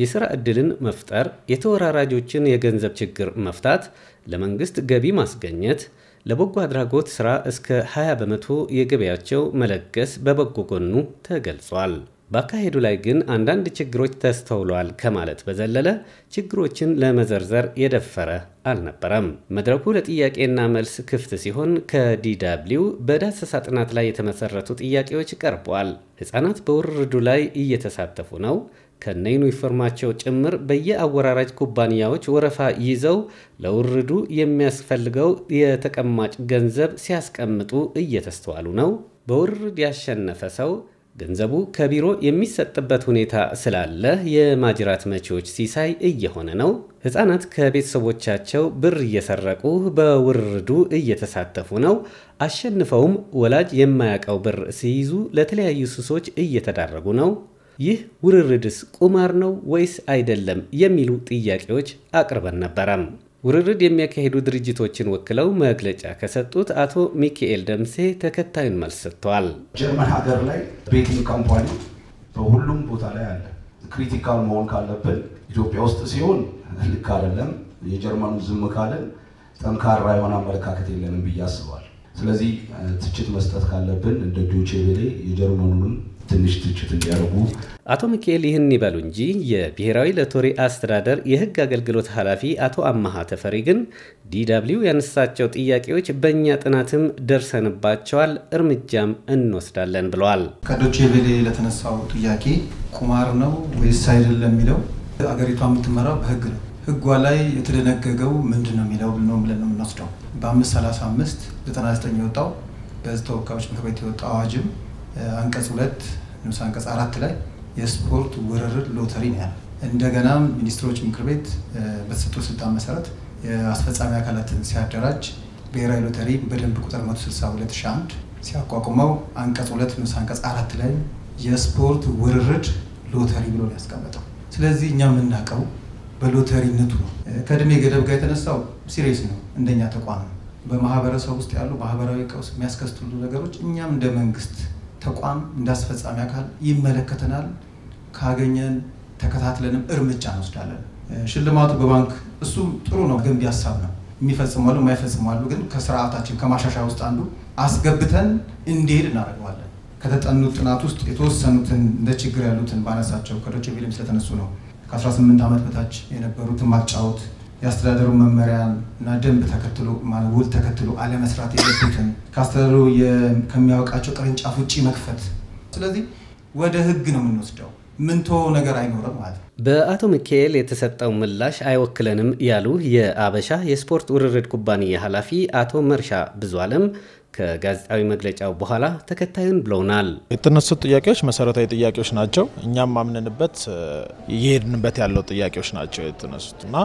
የሥራ ዕድልን መፍጠር፣ የተወራራጆችን የገንዘብ ችግር መፍታት፣ ለመንግሥት ገቢ ማስገኘት፣ ለበጎ አድራጎት ሥራ እስከ 20 በመቶ የገበያቸው መለገስ በበጎ ጎኑ ተገልጿል። በአካሄዱ ላይ ግን አንዳንድ ችግሮች ተስተውሏል ከማለት በዘለለ ችግሮችን ለመዘርዘር የደፈረ አልነበረም። መድረኩ ለጥያቄና መልስ ክፍት ሲሆን ከዲዳብሊው በዳሰሳ ጥናት ላይ የተመሰረቱ ጥያቄዎች ቀርቧል። ሕፃናት በውርርዱ ላይ እየተሳተፉ ነው? ከነይኑ ይፈርማቸው ጭምር በየአወራራጅ ኩባንያዎች ወረፋ ይዘው ለውርዱ የሚያስፈልገው የተቀማጭ ገንዘብ ሲያስቀምጡ እየተስተዋሉ ነው። በውርድ ያሸነፈ ሰው ገንዘቡ ከቢሮ የሚሰጥበት ሁኔታ ስላለ የማጅራት መቼዎች ሲሳይ እየሆነ ነው። ሕፃናት ከቤተሰቦቻቸው ብር እየሰረቁ በውርዱ እየተሳተፉ ነው። አሸንፈውም ወላጅ የማያውቀው ብር ሲይዙ ለተለያዩ ሱሶች እየተዳረጉ ነው። ይህ ውርርድስ ቁማር ነው ወይስ አይደለም የሚሉ ጥያቄዎች አቅርበን ነበረም። ውርርድ የሚያካሂዱ ድርጅቶችን ወክለው መግለጫ ከሰጡት አቶ ሚካኤል ደምሴ ተከታዩን መልስ ሰጥተዋል። ጀርመን ሀገር ላይ ቤቲንግ ካምፓኒ በሁሉም ቦታ ላይ አለ። ክሪቲካል መሆን ካለብን ኢትዮጵያ ውስጥ ሲሆን ልክ አይደለም። የጀርመኑ ዝም ካለን ጠንካራ የሆነ አመለካከት የለንም ብዬ አስባል ስለዚህ ትችት መስጠት ካለብን እንደ ዶቼ ቬሌ የጀርመኑንም ትንሽ ትችት እንዲያደርጉ አቶ ሚካኤል ይህን ይበሉ እንጂ የብሔራዊ ለቶሬ አስተዳደር የሕግ አገልግሎት ኃላፊ አቶ አማሃ ተፈሪ ግን ዲደብሊው ያነሳቸው ጥያቄዎች በእኛ ጥናትም ደርሰንባቸዋል፣ እርምጃም እንወስዳለን ብለዋል። ከዶቼ ለተነሳው ጥያቄ ቁማር ነው ወይስ አይደለም የሚለው አገሪቷ የምትመራው በሕግ ነው። ህጓ ላይ የተደነገገው ምንድን ነው የሚለው ነው ብለን ነው የምንወስደው። በአምስት ሰላሳ አምስት ዘጠና ዘጠኝ የወጣው በህዝብ ተወካዮች ምክር ቤት የወጣው አዋጅም አንቀጽ ሁለት ንዑስ አንቀጽ አራት ላይ የስፖርት ውርርድ ሎተሪ ነው ያለ። እንደገና ሚኒስትሮች ምክር ቤት በተሰጠው ስልጣን መሰረት የአስፈጻሚ አካላትን ሲያደራጅ ብሔራዊ ሎተሪ በደንብ ቁጥር 1 ሲያቋቁመው አንቀጽ ሁለት ንዑስ አንቀጽ አራት ላይ የስፖርት ውርርድ ሎተሪ ብሎ ያስቀመጠው። ስለዚህ እኛ የምናውቀው በሎተሪነቱ ነው። ከእድሜ ገደብ ጋር የተነሳው ሲሪየስ ነው። እንደኛ ተቋም ነው በማህበረሰብ ውስጥ ያሉ ማህበራዊ ቀውስ የሚያስከትሉ ነገሮች እኛም እንደ መንግስት ተቋም እንደ አስፈጻሚ አካል ይመለከተናል። ካገኘን ተከታትለንም እርምጃ እንወስዳለን። ሽልማቱ በባንክ እሱም ጥሩ ነው፣ ገንቢ ሀሳብ ነው። የሚፈጽሟሉ የማይፈጽሟሉ ግን ከስርዓታችን ከማሻሻያ ውስጥ አንዱ አስገብተን እንዲሄድ እናደርገዋለን። ከተጠኑት ጥናት ውስጥ የተወሰኑትን እንደ ችግር ያሉትን ባነሳቸው ከዶቼ ቬለም ስለተነሱ ነው ከ18 ዓመት በታች የነበሩትን ማጫወት የአስተዳደሩ መመሪያን እና ደንብ ተከትሎ ውል ተከትሎ አለመስራት የለብትን ከአስተዳደሩ ከሚያውቃቸው ቅርንጫፍ ውጭ መክፈት። ስለዚህ ወደ ህግ ነው የምንወስደው። ምንቶ ነገር አይኖርም ማለት ነው። በአቶ ሚካኤል የተሰጠው ምላሽ አይወክለንም ያሉ የአበሻ የስፖርት ውርርድ ኩባንያ ኃላፊ አቶ መርሻ ብዙ አለም ከጋዜጣዊ መግለጫው በኋላ ተከታዩን ብለውናል። የተነሱት ጥያቄዎች መሰረታዊ ጥያቄዎች ናቸው። እኛም ማምንንበት እየሄድንበት ያለው ጥያቄዎች ናቸው የተነሱት እና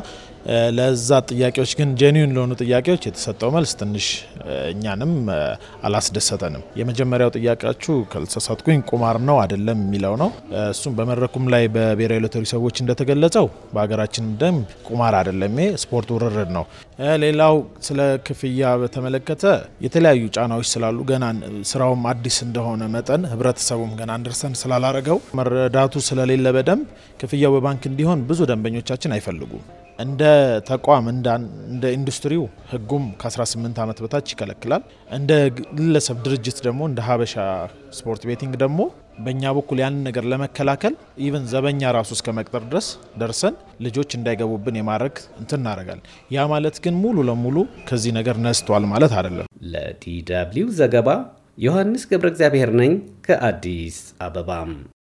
ለዛ ጥያቄዎች ግን ጄኒዩን ለሆኑ ጥያቄዎች የተሰጠው መልስ ትንሽ እኛንም አላስደሰተንም። የመጀመሪያው ጥያቄያችሁ ከልሰሳትኩኝ ቁማር ነው አይደለም የሚለው ነው። እሱም በመድረኩም ላይ በብሔራዊ ሎተሪ ሰዎች እንደተገለጸው በሀገራችን ደንብ ቁማር አይደለም፣ ስፖርት ውርርድ ነው። ሌላው ስለ ክፍያ በተመለከተ የተለያዩ ጫናዎች ስላሉ ገና ስራውም አዲስ እንደሆነ መጠን ህብረተሰቡም ገና አንደርሰን ስላላረገው መረዳቱ ስለሌለ በደንብ ክፍያው በባንክ እንዲሆን ብዙ ደንበኞቻችን አይፈልጉም። እንደ ተቋም እንደ ኢንዱስትሪው ህጉም ከ18 ዓመት በታች ይከለክላል። እንደ ግለሰብ ድርጅት ደግሞ እንደ ሀበሻ ስፖርት ቤቲንግ ደግሞ በእኛ በኩል ያንን ነገር ለመከላከል ኢቨን ዘበኛ ራሱ እስከ መቅጠር ድረስ ደርሰን ልጆች እንዳይገቡብን የማድረግ እንትን እናደርጋለን። ያ ማለት ግን ሙሉ ለሙሉ ከዚህ ነገር ነስቷል ማለት አይደለም። ለዲ ደብልዩ ዘገባ ዮሐንስ ገብረ እግዚአብሔር ነኝ ከአዲስ አበባም